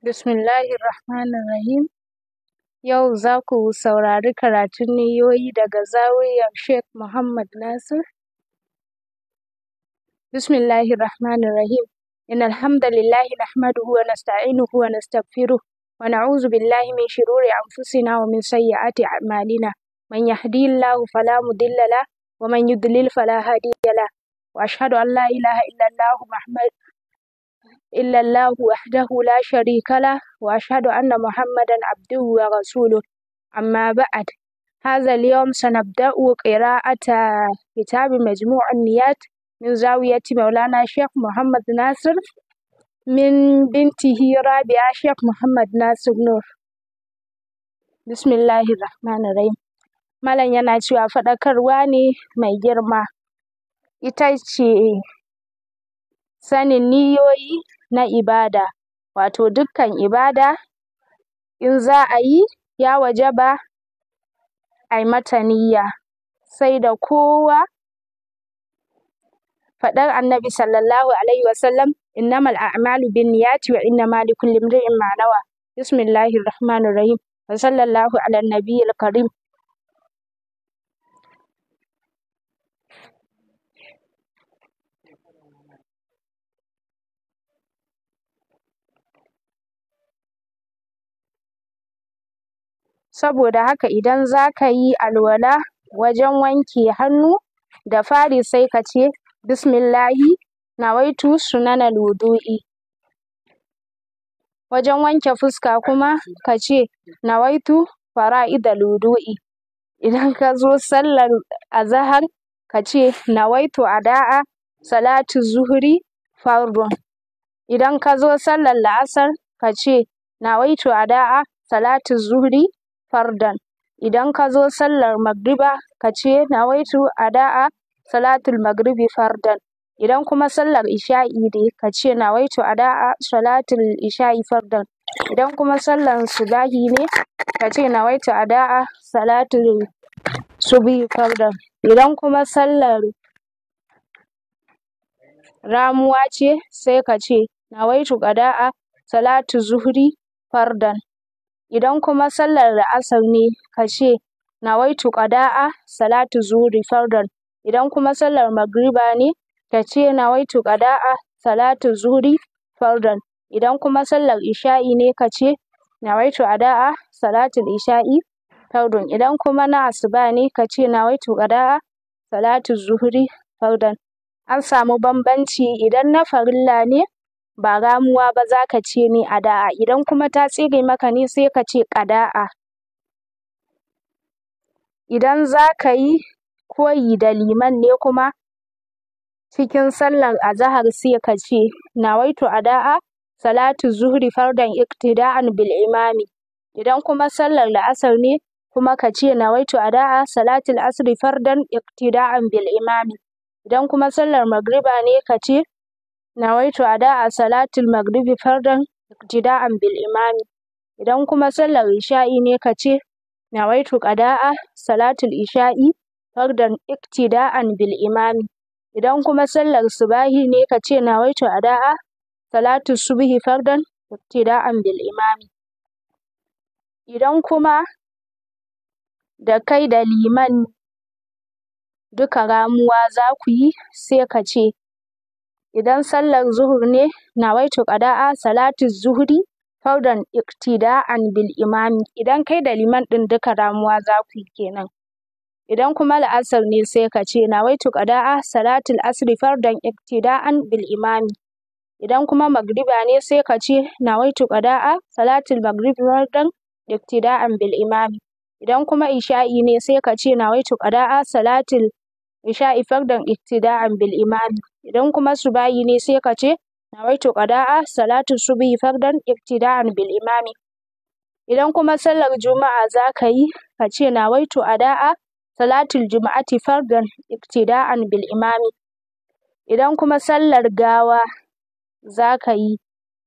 Bismillahir Rahmanir Rahim. Yau za ku saurari karatun niyoyi daga zawiyar Sheikh Muhammad Nasir. Bismillahir Rahmanir Rahim. إن الحمد لله نحمده ونستعينه ونستغفره ونعوذ بالله من شرور أنفسنا ومن سيئات أعمالنا من يهدي الله فلا مضل له ومن يضلل فلا هادي له وأشهد أن لا إله إلا الله إلا الله وحده لا شريك له وأشهد أن محمدا عبده ورسوله أما بعد هذا اليوم سنبدأ قراءة كتاب مجموع النيات من زاوية مولانا الشيخ محمد ناصر من بنته رابعة الشيخ محمد ناصر نور بسم الله الرحمن الرحيم Malam yana cewa faɗakarwa ne mai girma ita ce sanin niyoyi na ibada wato dukkan ibada in za a yi ya wajaba ai mata niyya sai da kowa faɗar annabi sallallahu alaihi wasallam innamal a'malu binniyati wa innama likulli imrin ma nawa bismillahir rahmanir rahim wa sallallahu ala nabiyil karim saboda haka idan za ka yi alwala wajen wanke hannu da fari sai ka ce bismillahi nawaitu sunanal wudu'i wajen wanke fuska kuma ka ce nawaitu fara'idal wudu'i idan ka zo sallar azahar ka ce nawaitu ada'a salatu zuhri fardun idan ka zo sallar la'asar ka ce nawaitu ada'a salatu zuhri fardan idan ka zo sallar magriba ka ce nawaitu ada'a salatul magribi fardan idan kuma sallar isha'i ne ka ce nawaitu ada'a salatul isha'i fardan idan kuma sallar subahi ne ka ce nawaitu ada'a salatul subi fardan idan kuma sallar ramuwa ce sai ka ce nawaitu ada'a salatu zuhri fardan idan kuma sallar da asar ne ka ce nawaitu qada'a salatu zuhri fardan idan kuma sallar magriba ne ka ce nawaitu qada'a salatu zuhri fardan idan kuma sallar isha'i ne ka ce nawaitu ada'a salatul isha'i fardan idan kuma na asuba ne ka ce nawaitu qada'a salatu zuhri fardan an samu bambanci idan na farilla ne ba ramuwa ba za ka ce ni ada'a idan kuma ta tsire maka ne sai ka ce ƙada'a idan za ka yi koyi da liman ne kuma cikin sallar azahar sai ka ce nawaitu ada'a salatu zuhri fardan iktida'an bil imami idan kuma sallar la'asar ne kuma ka ce nawaitu ada'a Salatu, asri fardan iktida'an bil imami idan kuma sallar magriba ne ka ce nawaitu a salatul magribi fardan iqtida'an bil imami idan kuma sallar isha'i ne ka ce nawaitu qada'a salatul isha'i fardan iktida'an bil imami idan kuma sallar subahi ne ka ce nawaitu ada'a salatul subhi fardan iktida'an bil imami idan kuma da kai da liman duka ramuwa za ku yi sai ka ce idan sallar zuhur ne nawaitu qada'a salati zuhri fardan iktida'an bil imam idan kai da liman ɗin duka ramuwa za ku yi kenan idan kuma la'asar ne sai ka ce nawaitu qada'a salatul asri fardan iktida'an bil imam idan kuma magriba ne sai ka ce nawaitu qada'a salatul maghrib fardan iktida'an bil imam idan kuma isha'i ne sai ka ce nawaitu qada'a salatul isha'i fardan iktida'an bil imami idan kuma subahi ne sai ka ce nawaitu qada'a salatu subhi fardan ibtida'an bil imami idan kuma sallar juma'a za ka yi ka ce nawaitu ada'a salatul juma'ati fardan ibtida'an bil imami idan kuma sallar gawa za ka yi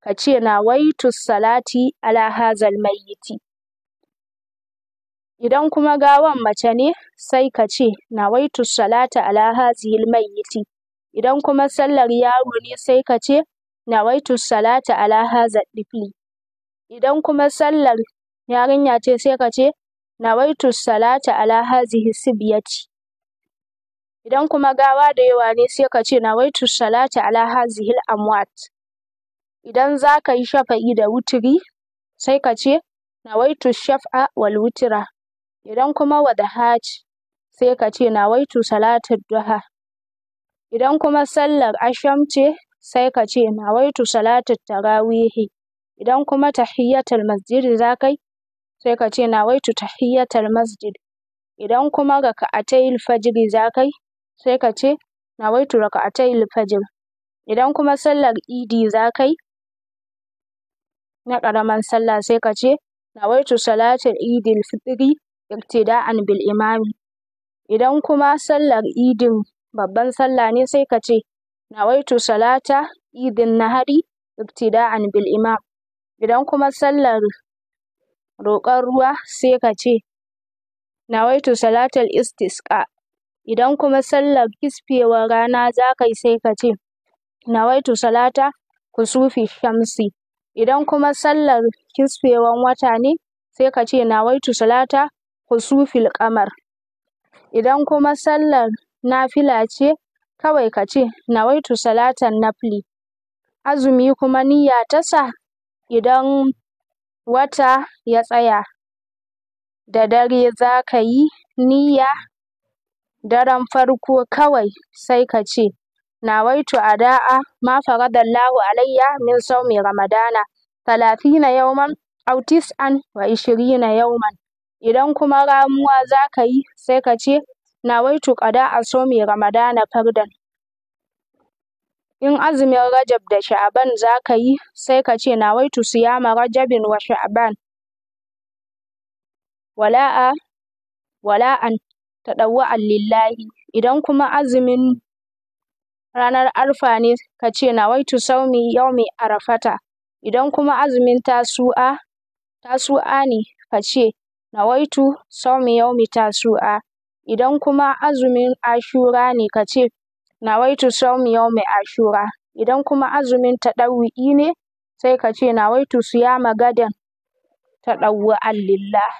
ka ce nawaitu salati ala hazal mayyiti idan kuma gawan mace ne sai ka ce nawaitu salata ala hazihil mayyiti Idan kuma sallar yaro ne sai ka ce, nawaitu salata ala haza tifli Idan kuma sallar yarinya ce sai ka ce, nawaitu salata ala hazihi sibyati. Idan kuma gawa da yawa ne sai ka ce, nawaitu salata ala hazihil amwat. Idan za ka yi shafa'i da wuturi sai ka ce, nawaitu shaf'a wal wutura. Idan kuma wadaha ce sai ka ce, nawaitu salatar duha. Idan kuma sallar asham ce, sai ka ce nawaitu salatat tarawihi. Idan kuma tahiyatul masjidi za ka yi, sai ka ce nawaitu tahiyatul masjid. Idan kuma raka'atayil fajri za ka yi, sai ka ce nawaitu raka'atayil fajr. Idan kuma sallar idi za ka yi, na karaman sallah sai ka ce nawaitu salatul idil fitri iktida'an bil imami. Idan kuma sallar idin babban sallah ne sai ka ce nawaitu salata idin nahari ibtida'an bil imam idan kuma sallar roƙon ruwa sai ka ce nawaitu salatal istisqa idan kuma sallar kisfewar rana za ka yi sai ka ce nawaitu salata kusufi shamsi idan kuma sallar kisfewar wata ne sai ka ce nawaitu salata kusufil qamar idan kuma sallar nafila ce kawai ka ce nawaitu salatan nafli azumi kuma niyya ta sa idan wata ya tsaya da dare za ka yi niyya daren farko kawai sai ka ce nawaitu ada'a ma faradallahu alayya min saumi ramadana talatina yawman aw tis'an wa ishirina yawman idan kuma ramuwa za ka yi sai ka ce a قضاء mai Ramadana fardan. in azumin Rajab da Sha'aban za ka yi sai ka ce nawaitu siyama Rajabin wa Sha'aban wala'a wala'an tadawwa'an lillahi idan kuma azumin ranar arfa ne ka ce nawaitu saumi yaumi arafata idan kuma azumin tasu'a tasu'a ne ka ce nawaitu saumi yaumi tasu'a Idan kuma azumin Ashura ne ka ce, Nawaitu sawmi yaumi Ashura. Idan kuma azumin taɗawu'i ne, sai ka ce, Nawaitu siyama gadan taɗawu'an lillah.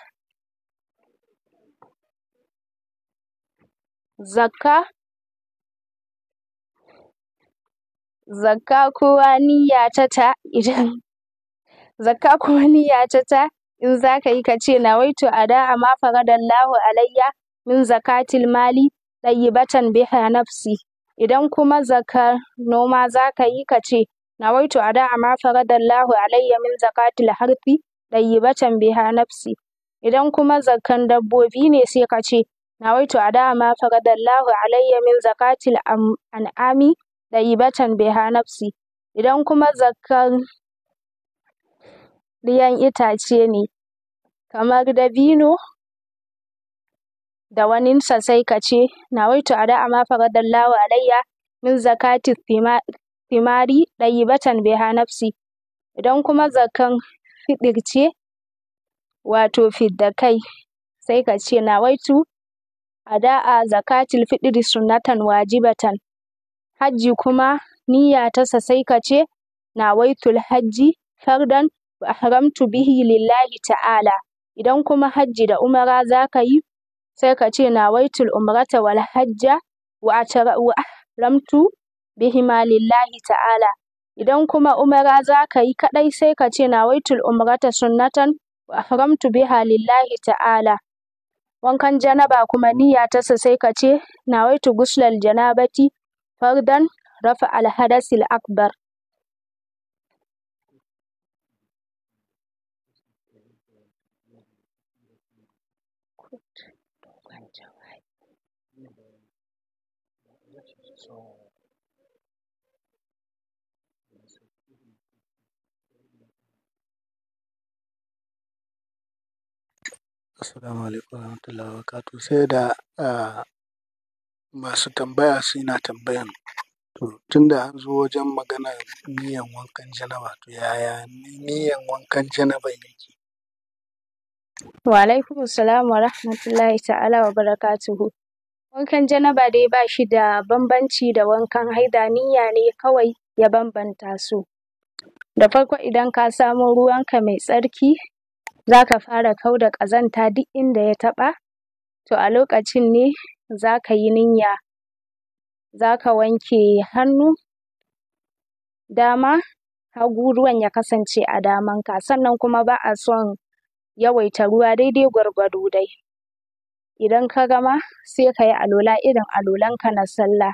Zakka zakka kowa niyya ta ta idan zakka kowa niyya ta ta in za ka yi ka ce nawaitu ada'a ma faradallahu alayya min zakatil mali ɗayyibatan biha nafsi idan kuma zakar noma za ka yi ka ce nawaitu ada ma faradallahu alayya min zakatil harfi ɗayyibatan biha nafsi idan kuma zakan dabbobi ne sai ka ce nawaitu ada ma faradallahu alayya min zakatil an'ami ɗayyibatan biha nafsi idan kuma zakar ɗiyan itace ne kamar dabino da waninsa sai ka ce nawaitu ada ma faradallahu alayya min zakati thimari ɗayibatan biha nafsi idan kuma zakan fidirce wato fidda kai sai ka ce nawaitu ada'a zakatil fiɗiri sunnatan wajibatan hajji kuma niyya sa sai ka ce nawaitul hajji fardan wa ahramtu bihi lillahi ta'ala idan kuma hajji da umara za ka yi sai ka ce nawaitul umrata wal hajja wa ahramtu bihima lillahi ta'ala idan kuma umara za ka yi kaɗai sai ka ce nawaitul umrata sunnatan wa ahramtu biha lillahi ta'ala wankan janaba kuma niyya tasa sai ka ce nawaitu guslal janabati fardan rafa hadasil akbar Assalamu alaikum warahmatullahi wabarakatuh. Sai da masu tambaya suna tambayan to da an zo wajen maganar niyyan wankan janaba to yaya niyyan wankan janaba yake? Wa alaikum salam wa rahmatullahi ta'ala wa barakatuhu. Wankan janaba dai ba shi da bambanci da wankan haida niyya ne kawai ya bambanta su. Da farko idan ka samo ruwanka mai tsarki za ka fara da ƙazanta duk inda ya taɓa, to a lokacin ne za ka yi niyya za ka wanke hannu dama hagu ruwan ya kasance a damanka, sannan kuma ba a son yawaita ruwa daidai gwargwado dai. Idan ka gama sai ka yi alola irin alolanka na sallah,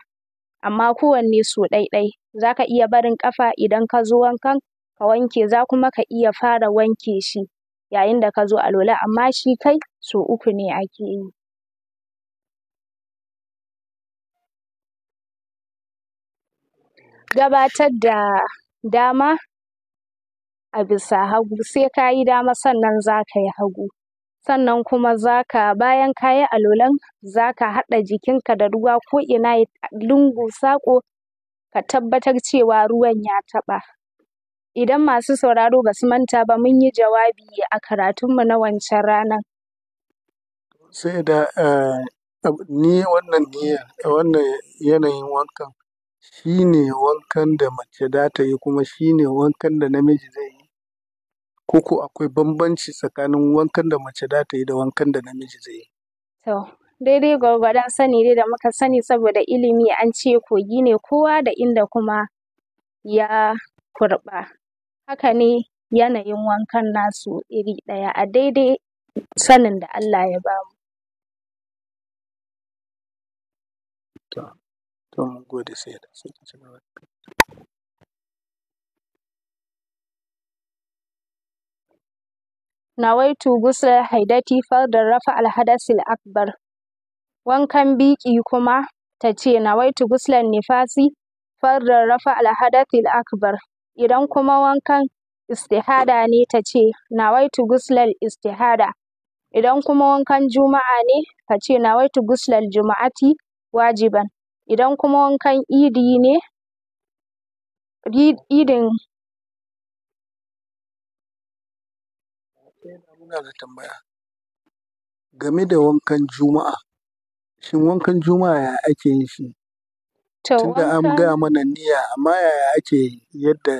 amma kowanne sau ɗaiɗai, za ka iya barin ƙafa idan ka zo wankan ka wanke, za kuma ka iya fara wanke shi yayin da ka zo alwala amma shi kai so uku ne ake yi. Gabatar da dama a bisa hagu sai ka yi dama sannan za ka yi hagu. Sannan kuma za ka bayan ka yi alwalan za ka haɗa jikinka da ruwa ko ina lungu saƙo ka tabbatar cewa ruwan ya taɓa. Idan masu sauraro ba su manta ba mun yi jawabi a karatunmu na wancan ranar. Sai da eh, ni wannan niyyar wannan yanayin wankan shi ne wankan da mace za ta yi kuma shi ne wankan da namiji zai yi ko ko akwai bambanci tsakanin wankan da mace za ta yi da wankan da namiji zai yi. To, daidai gwargwadon sani dai da muka sani saboda ilimi an ce kogi ne kowa da inda kuma ya kurɓa. haka ne yanayin wankan nasu iri ɗaya a daidai sanin da Allah ya bamu. To, Nawaitu haidati fardar rafa alhadasil akbar. Wankan biki kuma ta ce nawaitu guslan nifasi fardar rafa alhadasil akbar. Idan kuma wankan istihada ne ta ce, Nawaitu guslal istihada. Idan kuma wankan juma'a ne, ta ce, Nawaitu guslal juma'ati wajiban. Idan kuma wankan idi ne, idin Muna da tambaya. Game da wankan juma'a, shin wankan juma'a ya ake yin shi? Tunda an gaya mana niyya, amma yaya ake yadda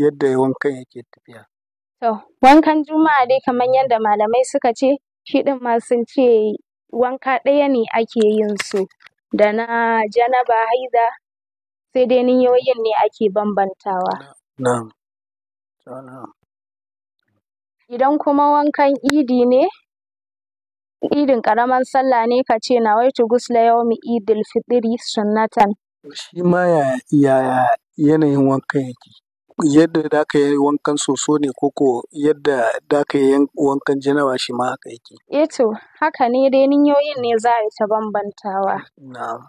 yadda wankan yake tafiya? To, wankan Juma'a dai kamar yadda malamai suka ce, shi din ma sun ce wanka ɗaya ne ake yin su, da na janaba, haiza, sai dai niyyoyin ne ake bambantawa. Idan kuma wankan idi ne, idin ƙaramar sallah ne ka ce nawaitu gusla yaumi idil fitri sunnatan. ma yaya yanayin wankan yake? Yadda da aka yi wankan soso ne koko, yadda da aka yi wankan janawa shi ma haka yake? Eh to, haka ne dai ninyoyin ne za a yi ta bambantawa. Na'am.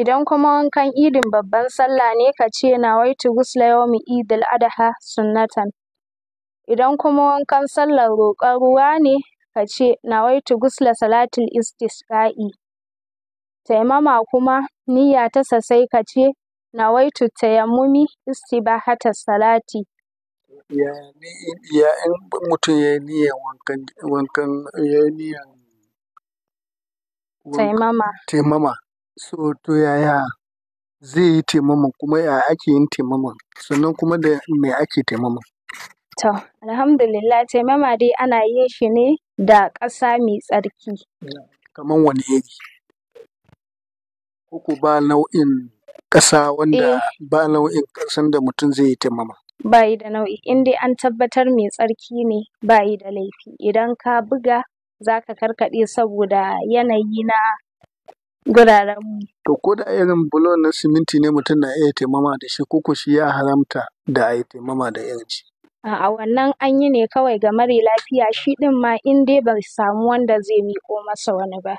Idan kuma wankan idin babban sallah ne ka ce nawaitu ghusla yawmi Eidil Adha sunnatan. Idan kuma wankan sallar roƙar ruwa ne ka ce tu gusla salatil istisqa'i Taimama kuma niyya ta sai ka ce, Nawaitu tayammumi istibahatas salati. Ya in mutum ya yi niyyar wankan, wankan ya yi niyyar taimama. Taimama. So to yaya zai yi taimama kuma ya ake yin taimama sannan kuma da me ake taimama? To, alhamdulillah taimama dai ana yin shi ne da ƙasa mai tsarki. Kaman wani iri? Koko ba nau'in ƙasa wanda eh. ba nau'in ƙasan da mutum zai yi taimama. Ba yi da nau'i, in dai an tabbatar mai tsarki ne ba yi da laifi. Idan ka buga za ka karkaɗe saboda yanayi na guraren To ko da irin bulon na siminti ne mutum na iya taimama da shi koko shi ya haramta da a yi taimama da yanci. A'a wannan an yi ne kawai ga mara lafiya shi ɗin ma in dai bai samu wanda zai miƙo masa wani ba.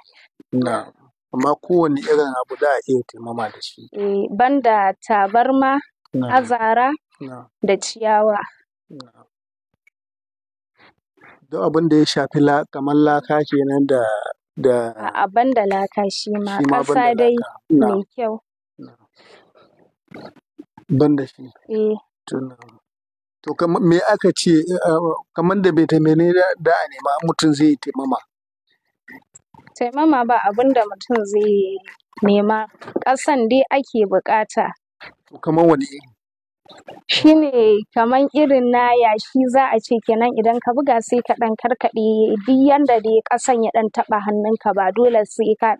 Na'am. amma kowane irin abu da a iya taimama da shi eh, banda tabarma azara da ciyawa duk abin da ya shafi kamar laka kenan da da a'a banda laka shi ma ƙasa dai mai kyau banda shi eh to me aka ce eh, eh, kamar da bai da menene da a nema in mutum zai yi taimama taimama ba abin da mutum zai nema ƙasan dai ake buƙata kamar wani iri shi ne kamar irin na yashi za a ce kenan idan ka buga sai ka ɗan karkaɗe duk yanda dai ƙasan ya ɗan taɓa hannunka ba dole sai ka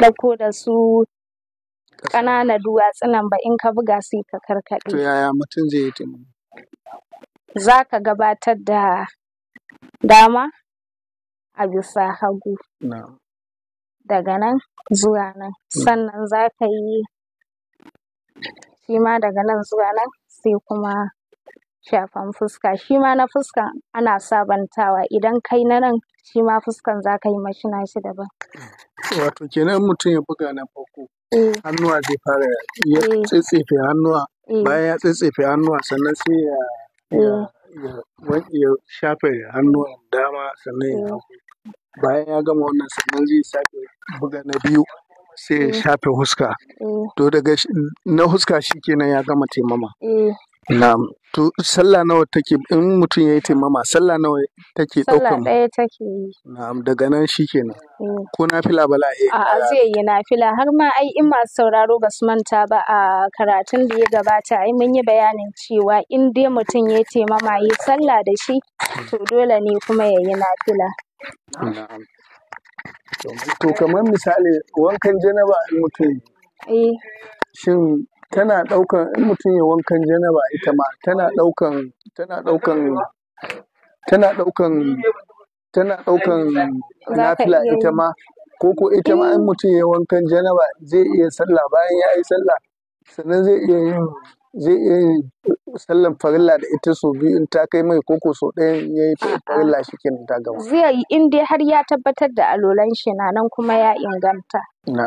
ɗauko da su ƙananan duwatsunan ba in ka buga sai ka karkaɗe. To yaya mutum zai yi Za ka gabatar da dama a bisa hagu. daga nan zuwa nan hmm. sannan za ka yi shi ma daga nan zuwa nan sai kuma shafan fuska shi ma na fuskan ana sabantawa idan kai na nan shi ma fuskan za ka yi mashi shi daban hmm. wato kenan mutum ya buga na farko eh. hannuwa zai fara ya eh. tsitsefe hannuwa eh. bayan ya tsitsefe hannuwa sannan sai ya ya shafe hannuwan dama sannan ya hagu bayan ya gama wannan sannan zai sake buga na biyu sai ya mm. shafe huska mm. to daga na huska shikenan ya gama taimama mm. na to sallah nawa take in mutum yayi taimama sallah nawa take ɗaukan sallah daya take yi na'am daga nan shikenan ko nafila bala eh a zai yi nafila har ma ai in masu sauraro ba su manta ba a karatun da ya gabata ai mun yi bayanin cewa in dai mutum ya taimama yi sallah da shi to dole ne kuma ya yi nafila na'am To kamar misali wankan janaba in mutum eh. shin tana ɗaukan in mutum ya wankan janaba ita ma tana ɗaukan tana ɗaukan tana ɗaukan tana ɗaukan nafila ita ma ko ko ita ma in eh. mutum ya wankan janaba zai iya sallah bayan ya yi sallah sannan zai iya yin zai iya yin sallan farilla da ita so biyu in ta kai mai koko so ɗaya ya yi farilla shi kenan ta gama. Zai yi in dai har ya tabbatar da alolan shi na nan kuma ya inganta. Na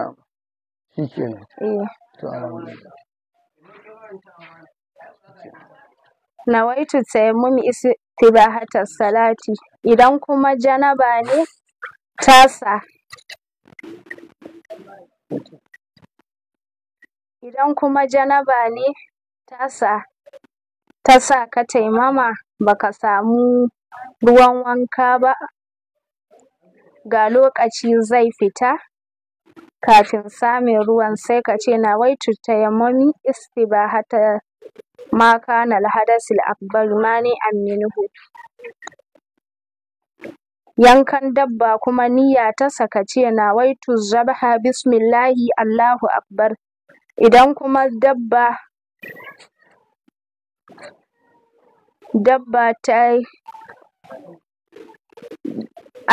shi kenan. Eh. Nawaitu tayammumi istibahata salati idan kuma janaba ne tasa. Idan kuma janaba ne ta sa ka taimama ba ka samu ruwan wanka ba, ga lokaci zai fita kafin samun ruwan sai ka ce nawaitu ba, istibahata ma kana alhadathil akbar mani'an minhu yankan dabba kuma niyya ta saka ce nawaitu zabha bismillahi allahu akbar idan kuma dabba dabba ta yi.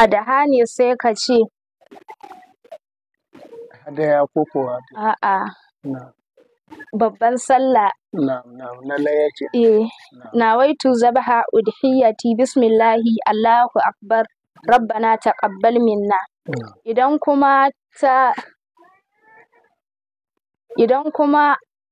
adaha ne sai ka ce hadaya ko kuwa a'a babban sallah na laya ce eh nawaitu zabaha udhiyati bismillahi allahu akbar rabbana taqabbal minna idan kuma ta idan kuma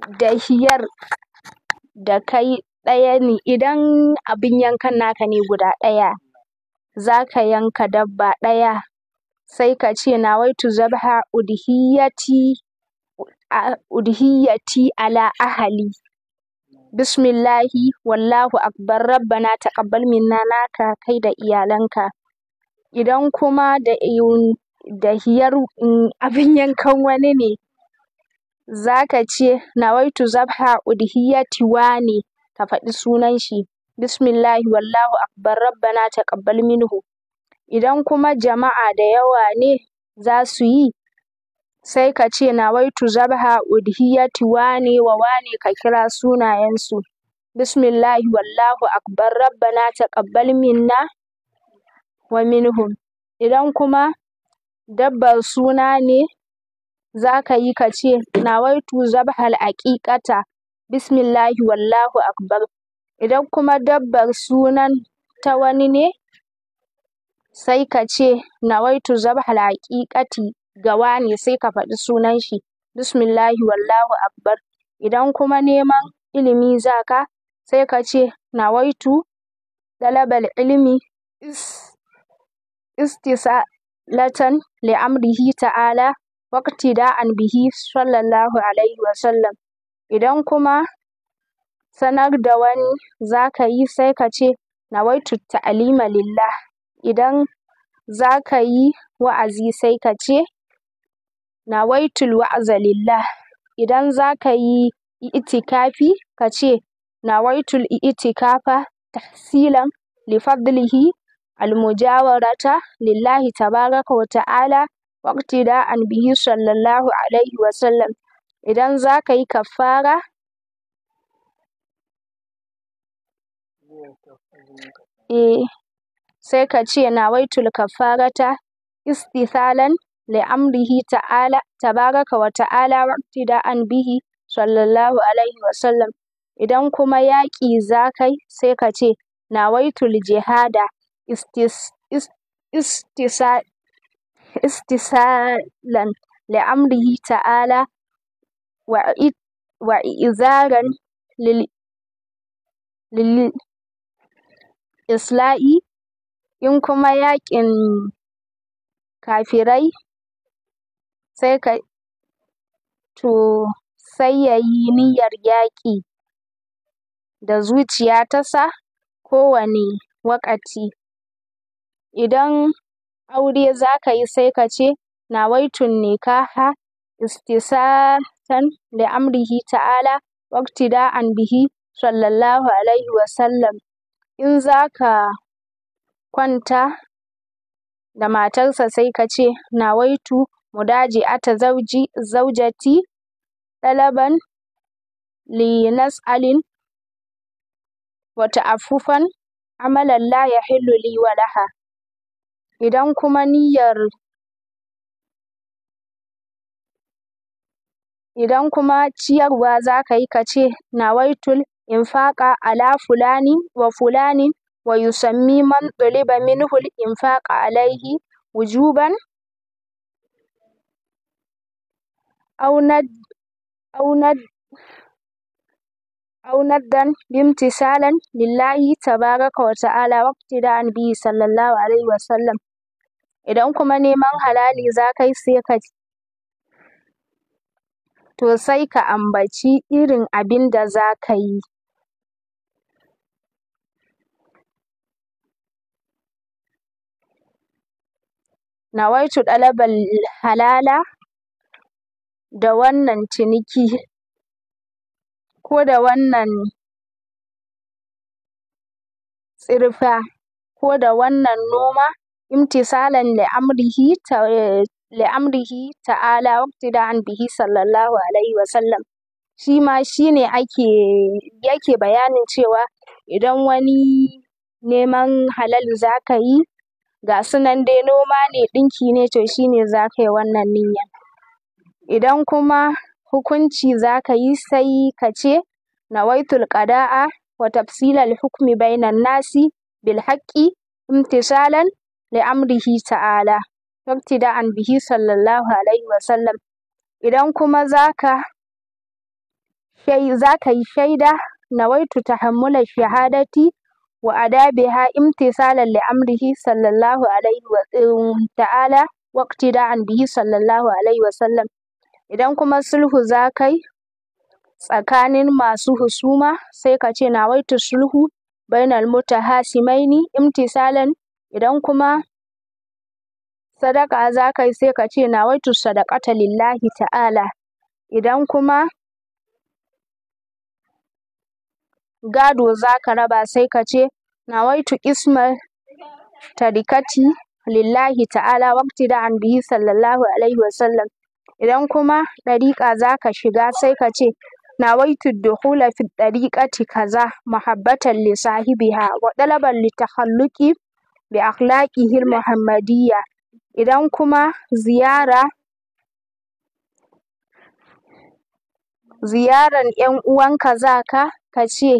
Da dahiyar da kai ɗaya ne idan abin yankan naka ne guda ɗaya za ka yanka dabba ɗaya sai ka ce kace nawaitu zabha udhiyati ala ahali bismillahi wallahu akbar rabbana taqabbal minna naka kai da iyalanka idan kuma da dahiyar mm, abin yankan wani ne za ka ce nawaitu zabha udhiyati wani ka faɗi sunan shi bismillahi wallahu akbar rabbana taqabbal minhu idan kuma jama'a da yawa ne za su yi sai ka ce nawaitu zabha udhiyati wani wa wani ka kira sunayensu bismillahi wallahu akbar rabbana taqabbal minna wa minhum idan kuma dabbar suna ne zaka yi ka ce nawaitu zabhal aqiqata bismillahi wallahu akbar idan kuma dabbar sunan ta wani ne sai ka ce nawaitu zabhal aqiqati gawa ne sai ka faɗi sunan shi bismillahi wallahu akbar idan kuma neman ilimi zaka sai ka ce nawaitu talabal ilmi istisalatan li amrihi ta'ala waqtida'an bihi sallallahu alaihi wasallam idan kuma sanar da wani zaka yi sai ka ce nawaitu ta'lima lillah idan zaka yi wa'azi sai ka ce nawaitul lillah idan zaka yi i'tikafi ka ce nawaitul i'tikafa tahsilan li fadlihi al mujawarata lillahi tabaraka wa ta'ala waqtida'an bihi sallallahu alaihi wasallam idan zaka yi kafara eh sai ka ce nawaitul kafarata istithalan li amrihi ta'ala tabaraka wa ta'ala waqtida'an bihi sallallahu alaihi wasallam idan kuma yaƙi zakai sai ka ce nawaitul jihada istis, istisa imtisalan li'amrihi ta'ala wa i'zaran lil isla'i in kuma yaƙin kafirai sai ka to niyyar yaƙi da zuciya ta sa kowane waƙati idan aure za ka yi sai ka ce nawaitun nikaha istisatan da amrihi ta'ala waqtida'an bihi sallallahu alaihi wa sallam in za ka kwanta da matarsa sai ka ce nawaitu ata zauji zaujati ɗalaban li nas'alin wata afufan amalan la yahillu li wa idan kuma niyyar idan kuma ciyarwa za ka yi ka ce nawaitul infaqa ala fulani wa fulani wa yusammi man ɗuliba minhul infaqa alayhi wujuban aw naddan bimtisalan lillahi tabaraka wa ta'ala waqtida'an bihi sallallahu alaihi wa sallam idan kuma neman halali za ka yi sai ka to sai ka ambaci irin abin da za ka yi nawaitu ɗalabal halala da wannan ciniki ko da wannan tsirfa ko da wannan noma imtisalan li'amrihi ta'ala waktida'an bihi sallallahu alaihi sallam. shi ma shi ne ake yake bayanin cewa idan wani neman halal za ka yi ga sunan dai noma ne ɗinki ne to shi ne za ka yi wannan niyyar. idan kuma hukunci za ka yi sai ka ce nawaitul qada'a wa tafsilal hukmi bainan nasi bil haqqi imtisalan li'amrihi ta'ala ibtida'an bihi sallallahu alaihi wa sallam idan kuma zaka zaka yi shaida nawaitu tahammula shahadati wa adabiha imtisalan li'amrihi sallallahu alaihi wa um, ta'ala waqtida'an bihi sallallahu alaihi wa sallam idan kuma sulhu zakai tsakanin masu husuma sai ka ce nawaitu sulhu bainal mutahasimaini imtisalan idan kuma sadaka za ka yi sai ka ce nawaitu sadaqata lillahi ta'ala idan kuma gado za ka raba sai ka ce nawaitu qismal tarikati lillahi ta'ala an bihi sallallahu alaihi wasallam idan kuma ɗariƙa za ka shiga sai ka ce nawaitu dukhula fi ɗariƙati kaza mahabbatan li sahibiha wa ɗalaban li takhalluqi bi akhlaqihil muhammadiyya idan kuma ziyara ziyaran ƴan uwanka zaka kace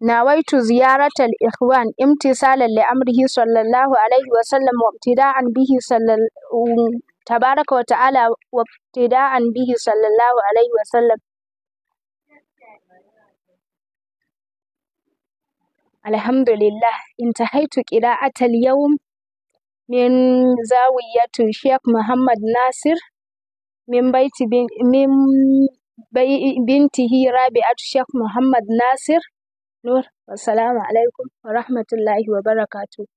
nawaitu ziyaratal ikhwan imtisalan li amrihi sallallahu alaihi wa sallam wa ibtida'an bihi sallallahu tabaraka wa ta'ala wa ibtida'an bihi sallallahu alaihi wa sallam alhamdulillah intahaitu qira'atal yawm min zawiyatu Sheikh Muhammad Nasir min baiti bin, min bintihi Rabi'atu Sheikh Muhammad Nasir Nur salamu alaikum wa rahmatullahi wa barakatuh